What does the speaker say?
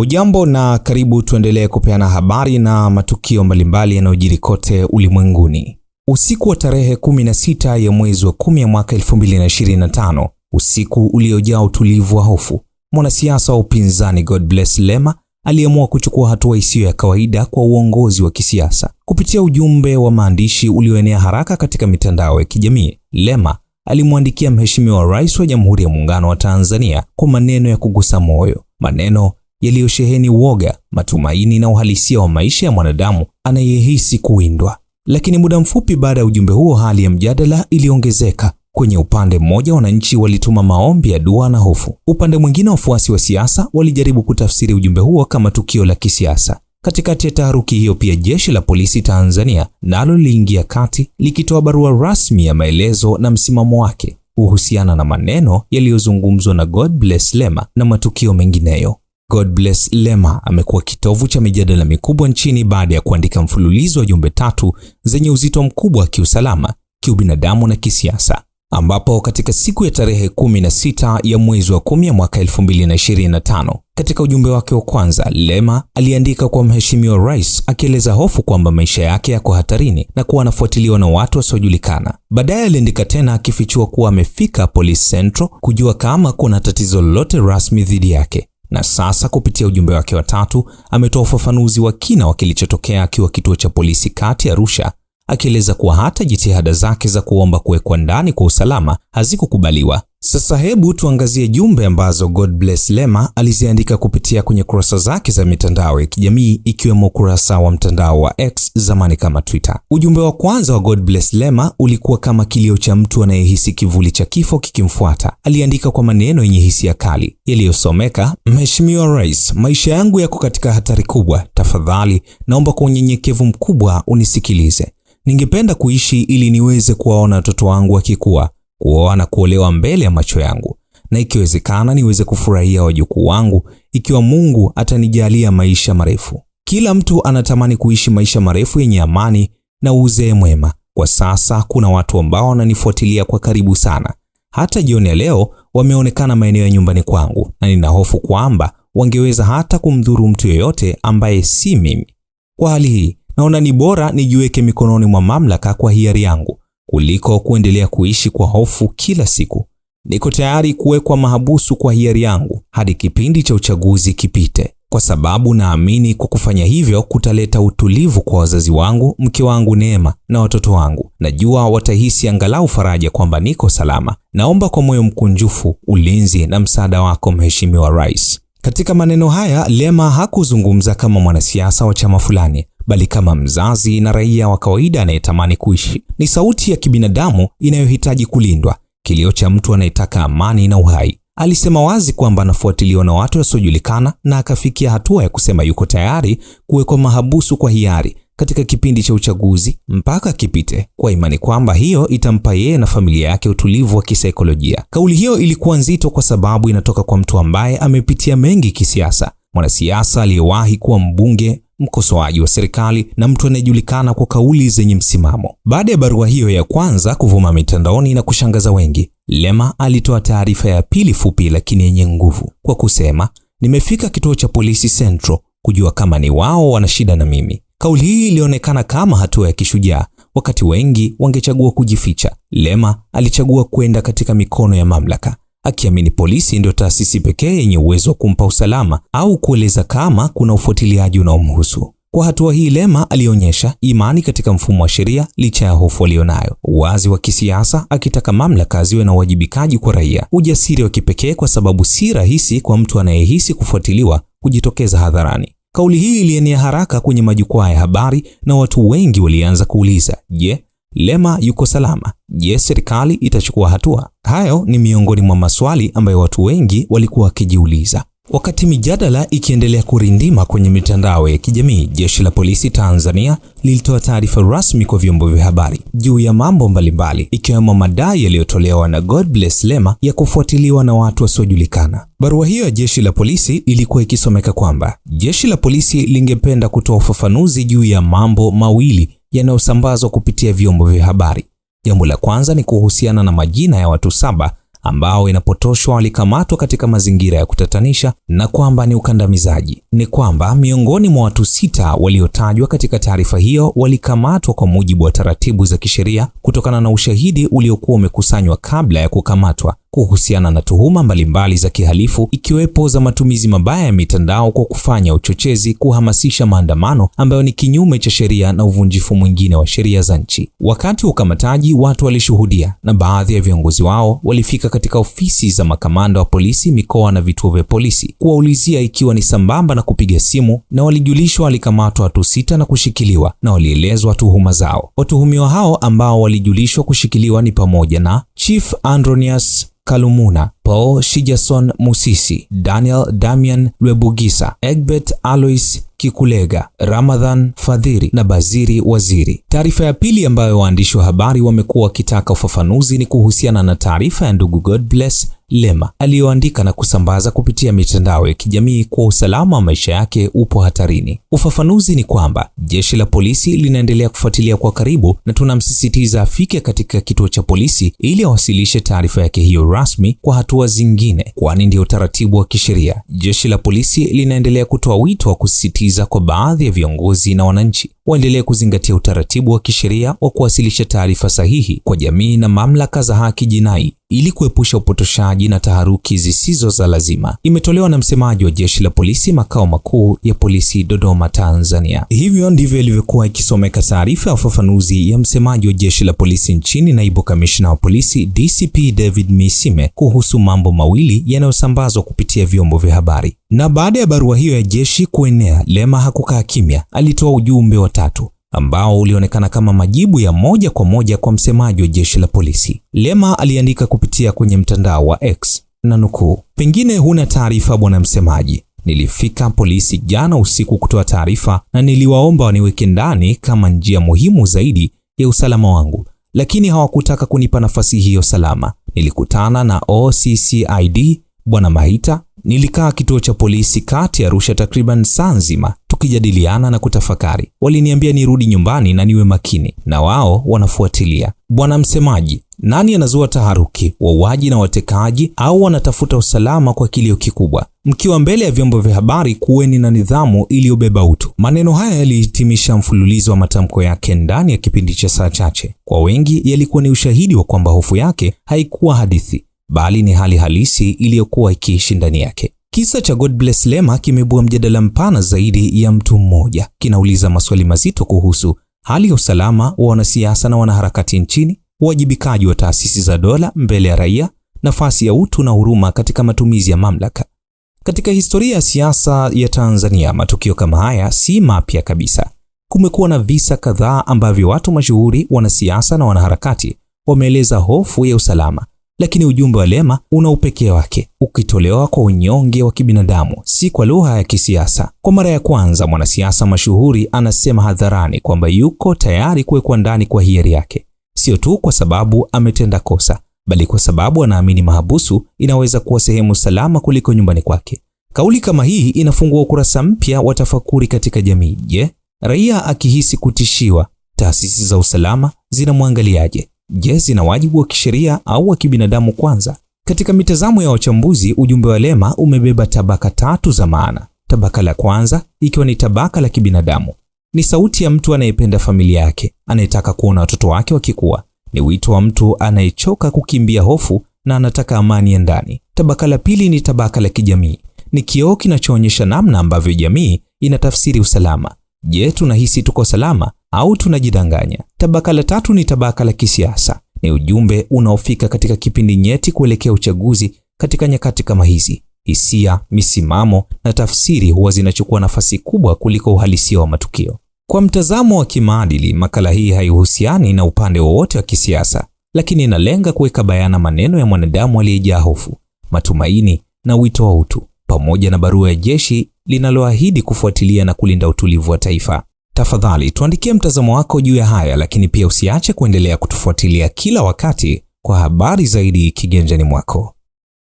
Hujambo na karibu, tuendelee kupeana habari na matukio mbalimbali yanayojiri kote ulimwenguni. Usiku wa tarehe 16 ya mwezi wa 10 mwaka 2025, usiku uliojaa utulivu wa hofu, mwanasiasa wa upinzani Godbless Lema aliamua kuchukua hatua isiyo ya kawaida kwa uongozi wa kisiasa. Kupitia ujumbe wa maandishi ulioenea haraka katika mitandao ya kijamii, Lema alimwandikia Mheshimiwa Rais wa Jamhuri ya Muungano wa Tanzania kwa maneno ya kugusa moyo, maneno yaliyosheheni woga matumaini na uhalisia wa maisha ya mwanadamu anayehisi kuwindwa. Lakini muda mfupi baada ya ujumbe huo, hali ya mjadala iliongezeka. Kwenye upande mmoja, wananchi walituma maombi ya dua na hofu. Upande mwingine, wafuasi wa siasa walijaribu kutafsiri ujumbe huo kama tukio la kisiasa. Katikati ya taharuki hiyo pia jeshi la polisi Tanzania nalo liliingia kati likitoa barua rasmi ya maelezo na msimamo wake kuhusiana na maneno yaliyozungumzwa na God Bless Lema na matukio mengineyo. Godbless Lema amekuwa kitovu cha mijadala mikubwa nchini baada ya kuandika mfululizo wa jumbe tatu zenye uzito mkubwa wa kiusalama, kiubinadamu na kisiasa, ambapo katika siku ya tarehe 16 ya mwezi wa 10 mwaka 2025, katika ujumbe wake wa kwanza, Lema aliandika kwa Mheshimiwa Rais akieleza hofu kwamba maisha yake yako hatarini na kuwa anafuatiliwa na watu wasiojulikana. Baadaye aliandika tena akifichua kuwa amefika Police Central kujua kama kuna tatizo lolote rasmi dhidi yake na sasa kupitia ujumbe wake wa tatu ametoa ufafanuzi wa kina wa kilichotokea akiwa kituo cha polisi kati ya Arusha akieleza kuwa hata jitihada zake za kuomba kuwekwa ndani kwa usalama hazikukubaliwa. Sasa hebu tuangazie jumbe ambazo God Bless Lema aliziandika kupitia kwenye kurasa zake za mitandao ya kijamii ikiwemo ukurasa wa mtandao wa X zamani kama Twitter. Ujumbe wa kwanza wa God Bless Lema ulikuwa kama kilio cha mtu anayehisi kivuli cha kifo kikimfuata. Aliandika kwa maneno yenye hisia kali yaliyosomeka, Mheshimiwa Rais, maisha yangu yako katika hatari kubwa. Tafadhali naomba kwa unyenyekevu mkubwa unisikilize. Ningependa kuishi ili niweze kuwaona watoto wangu wakikua, kuoa na kuolewa mbele ya macho yangu, na ikiwezekana niweze kufurahia wajukuu wangu, ikiwa Mungu atanijalia maisha marefu. Kila mtu anatamani kuishi maisha marefu yenye amani na uzee mwema. Kwa sasa kuna watu ambao wananifuatilia kwa karibu sana, hata jioni ya leo wameonekana maeneo ya nyumbani kwangu, na nina hofu kwamba wangeweza hata kumdhuru mtu yeyote ambaye si mimi. Kwa hali hii naona ni bora nijiweke mikononi mwa mamlaka kwa hiari yangu kuliko kuendelea kuishi kwa hofu kila siku. Niko tayari kuwekwa mahabusu kwa hiari yangu hadi kipindi cha uchaguzi kipite, kwa sababu naamini kwa kufanya hivyo kutaleta utulivu kwa wazazi wangu, mke wangu Neema na watoto wangu. Najua watahisi angalau faraja kwamba niko salama. Naomba kwa moyo mkunjufu ulinzi na msaada wako, Mheshimiwa Rais. Katika maneno haya Lema hakuzungumza kama mwanasiasa wa chama fulani, bali kama mzazi na raia wa kawaida anayetamani kuishi. Ni sauti ya kibinadamu inayohitaji kulindwa, kilio cha mtu anayetaka amani na uhai. Alisema wazi kwamba anafuatiliwa na watu wasiojulikana na akafikia hatua ya kusema yuko tayari kuwekwa mahabusu kwa hiari katika kipindi cha uchaguzi mpaka kipite, kwa imani kwamba hiyo itampa yeye na familia yake utulivu wa kisaikolojia. Kauli hiyo ilikuwa nzito kwa sababu inatoka kwa mtu ambaye amepitia mengi kisiasa, mwanasiasa aliyewahi kuwa mbunge mkosoaji wa serikali na mtu anayejulikana kwa kauli zenye msimamo. Baada ya barua hiyo ya kwanza kuvuma mitandaoni na kushangaza wengi, Lema alitoa taarifa ya pili fupi lakini yenye nguvu kwa kusema, nimefika kituo cha polisi Central kujua kama ni wao wana shida na mimi. Kauli hii ilionekana kama hatua ya kishujaa wakati wengi wangechagua kujificha. Lema alichagua kwenda katika mikono ya mamlaka akiamini polisi ndio taasisi pekee yenye uwezo wa kumpa usalama au kueleza kama kuna ufuatiliaji unaomhusu. Kwa hatua hii, Lema alionyesha imani katika mfumo wa sheria licha ya hofu aliyonayo, uwazi wa kisiasa, akitaka mamlaka ziwe na uwajibikaji kwa raia, ujasiri wa kipekee kwa sababu si rahisi kwa mtu anayehisi kufuatiliwa kujitokeza hadharani. Kauli hii ilienea haraka kwenye majukwaa ya habari na watu wengi walianza kuuliza, je, Lema yuko salama. Je, serikali itachukua hatua? Hayo ni miongoni mwa maswali ambayo watu wengi walikuwa wakijiuliza. Wakati mijadala ikiendelea kurindima kwenye mitandao ya kijamii, Jeshi la Polisi Tanzania lilitoa taarifa rasmi kwa vyombo vya habari juu ya mambo mbalimbali, ikiwemo madai yaliyotolewa na Godbless Lema ya kufuatiliwa na watu wasiojulikana. Barua hiyo ya Jeshi la Polisi ilikuwa ikisomeka kwamba Jeshi la Polisi lingependa kutoa ufafanuzi juu ya mambo mawili yanayosambazwa kupitia vyombo vya habari. Jambo la kwanza ni kuhusiana na majina ya watu saba ambao inapotoshwa walikamatwa katika mazingira ya kutatanisha na kwamba ni ukandamizaji. Ni kwamba miongoni mwa watu sita waliotajwa katika taarifa hiyo walikamatwa kwa mujibu wa taratibu za kisheria kutokana na ushahidi uliokuwa umekusanywa kabla ya kukamatwa, kuhusiana na tuhuma mbalimbali za kihalifu ikiwepo za matumizi mabaya ya mitandao kwa kufanya uchochezi, kuhamasisha maandamano ambayo ni kinyume cha sheria na uvunjifu mwingine wa sheria za nchi. Wakati wa ukamataji, watu walishuhudia na baadhi ya viongozi wao walifika katika ofisi za makamanda wa polisi mikoa na vituo vya polisi kuwaulizia ikiwa ni sambamba na kupiga simu, na walijulishwa walikamatwa watu sita na kushikiliwa na walielezwa tuhuma zao. Watuhumiwa hao ambao walijulishwa kushikiliwa ni pamoja na Chief Andronius Kalumuna Paul Shijason Musisi, Daniel Damian Lwebugisa, Egbert Alois Kikulega, Ramadhan Fadhiri na Baziri Waziri. Taarifa ya pili ambayo waandishi wa habari wamekuwa wakitaka ufafanuzi ni kuhusiana na taarifa ya ndugu Godbless Lema aliyoandika na kusambaza kupitia mitandao ya kijamii kwa usalama wa maisha yake upo hatarini. Ufafanuzi ni kwamba jeshi la polisi linaendelea kufuatilia kwa karibu na tunamsisitiza afike katika kituo cha polisi ili awasilishe taarifa yake hiyo rasmi kwa hatua hatua zingine, kwani ndio utaratibu wa kisheria. Jeshi la polisi linaendelea kutoa wito wa kusisitiza kwa baadhi ya viongozi na wananchi waendelee kuzingatia utaratibu wa kisheria wa kuwasilisha taarifa sahihi kwa jamii na mamlaka za haki jinai ili kuepusha upotoshaji na taharuki zisizo za lazima. Imetolewa na msemaji wa Jeshi la Polisi, makao makuu ya polisi Dodoma, Tanzania. Hivyo ndivyo ilivyokuwa ikisomeka taarifa ya ufafanuzi ya msemaji wa Jeshi la Polisi nchini, naibu kamishna wa polisi DCP David Misime, kuhusu mambo mawili yanayosambazwa kupitia vyombo vya habari. Na baada ya barua hiyo ya jeshi kuenea, Lema hakukaa kimya. Alitoa ujumbe wa tatu ambao ulionekana kama majibu ya moja kwa moja kwa msemaji wa jeshi la polisi. Lema aliandika kupitia kwenye mtandao wa X na nukuu, pengine huna taarifa, bwana msemaji. Nilifika polisi jana usiku kutoa taarifa na niliwaomba waniweke ndani kama njia muhimu zaidi ya usalama wangu, lakini hawakutaka kunipa nafasi hiyo salama. Nilikutana na OCCID bwana Mahita Nilikaa kituo cha polisi kati ya Arusha takriban saa nzima tukijadiliana na kutafakari. Waliniambia nirudi nyumbani na niwe makini, na wao wanafuatilia. Bwana msemaji, nani anazua taharuki, wauaji na watekaji, au wanatafuta usalama kwa kilio kikubwa? Mkiwa mbele ya vyombo vya habari, kuweni na nidhamu iliyobeba utu. Maneno haya yalihitimisha mfululizo wa matamko yake ndani ya kipindi cha saa chache. Kwa wengi, yalikuwa ni ushahidi wa kwamba hofu yake haikuwa hadithi bali ni hali halisi iliyokuwa ikiishi ndani yake. Kisa cha God Bless Lema kimebua mjadala mpana zaidi ya mtu mmoja. Kinauliza maswali mazito kuhusu hali ya usalama wa wanasiasa na wanaharakati nchini, uwajibikaji wa taasisi za dola mbele ya raia, nafasi ya utu na huruma katika matumizi ya mamlaka. Katika historia ya siasa ya Tanzania, matukio kama haya si mapya kabisa. Kumekuwa na visa kadhaa ambavyo watu mashuhuri, wanasiasa na wanaharakati wameeleza hofu ya usalama, lakini ujumbe wa Lema una upekee wake, ukitolewa kwa unyonge wa kibinadamu, si kwa lugha ya kisiasa. Kwa mara ya kwanza mwanasiasa mashuhuri anasema hadharani kwamba yuko tayari kuwekwa ndani kwa hiari yake, sio tu kwa sababu ametenda kosa, bali kwa sababu anaamini mahabusu inaweza kuwa sehemu salama kuliko nyumbani kwake. Kauli kama hii inafungua ukurasa mpya wa tafakuri katika jamii. Je, raia akihisi kutishiwa, taasisi za usalama zinamwangaliaje? Je, zina wajibu wa kisheria au wa kibinadamu kwanza? Katika mitazamo ya wachambuzi, ujumbe wa Lema umebeba tabaka tatu za maana. Tabaka la kwanza ikiwa ni tabaka la kibinadamu, ni sauti ya mtu anayependa familia yake, anayetaka kuona watoto wake wakikua, ni wito wa mtu anayechoka kukimbia hofu na anataka amani ya ndani. Tabaka la pili ni tabaka la kijamii, ni kioo kinachoonyesha namna ambavyo jamii inatafsiri usalama. Je, tunahisi tuko salama au tunajidanganya? Tabaka la tatu ni tabaka la kisiasa. Ni ujumbe unaofika katika kipindi nyeti kuelekea uchaguzi. Katika nyakati kama hizi, hisia, misimamo na tafsiri huwa zinachukua nafasi kubwa kuliko uhalisia wa matukio. Kwa mtazamo wa kimaadili, makala hii haihusiani na upande wowote wa kisiasa, lakini inalenga kuweka bayana maneno ya mwanadamu aliyejaa hofu, matumaini na wito wa utu, pamoja na barua ya jeshi linaloahidi kufuatilia na kulinda utulivu wa taifa. Tafadhali tuandikie mtazamo wako juu ya haya, lakini pia usiache kuendelea kutufuatilia kila wakati kwa habari zaidi kiganjani mwako.